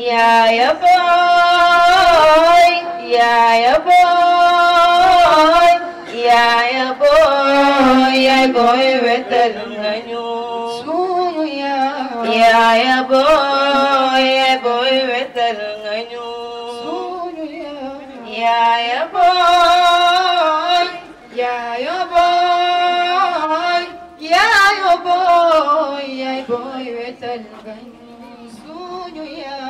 Yaya boy, yaya boy, yaya boy, yaya boy wetal nga ñu sunu yaay. Yaya boy, yaya boy wetal nga ñu sunu yaay. Yaya boy, yaya boy, yaya boy, yaya boy wetal nga ñu sunu yaay.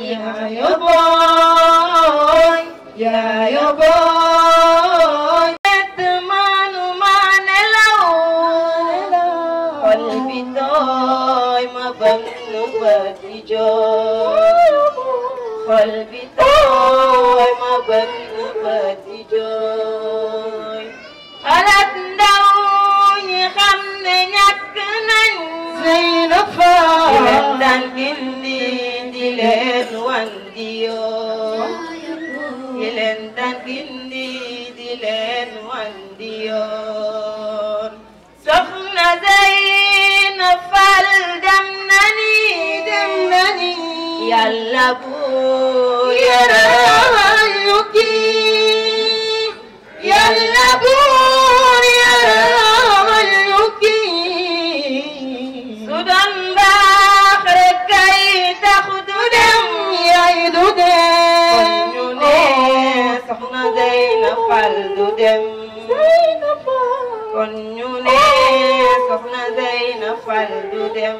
Yeah, your boy. Yeah, your boy. Let the man man alone. Qalbi toy ma bannu badijo. Qalbi toy ma bannu badijo. dem kon ñu ne soxna Zeyna Fall du dem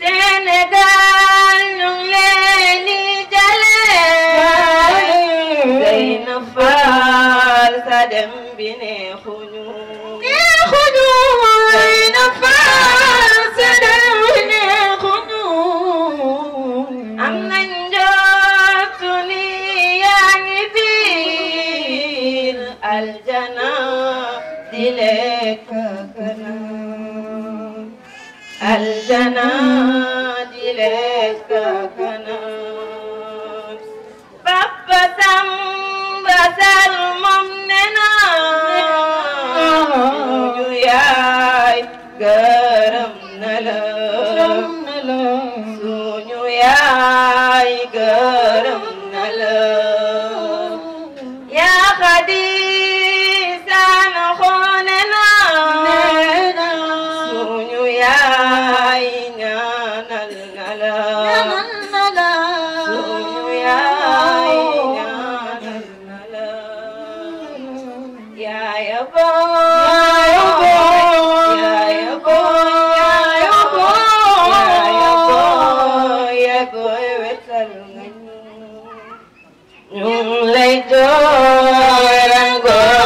Sénégal ñu ngi leen di jale Zeyna Fall sa dem bi ne aljana dile kakana aljana dile kakana bappa sam basal mom nena ñu yaay Yaya boy, yaya boy, yaya boy, yaya boy, yaya boy, yaya boy, wetarungan. Nung lay do, erang boy.